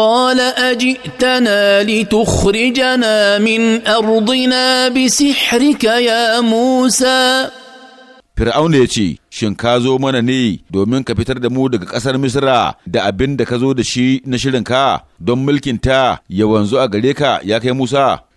قال اجئتنا لتخرجنا من ارضنا بسحرك يا موسى Fir'auna ya ce, Shin ka zo mana ne domin ka fitar da mu daga ƙasar Misra da abin da ka zo da shi na shirinka don mulkinta ya wanzu a gare ka ya kai Musa?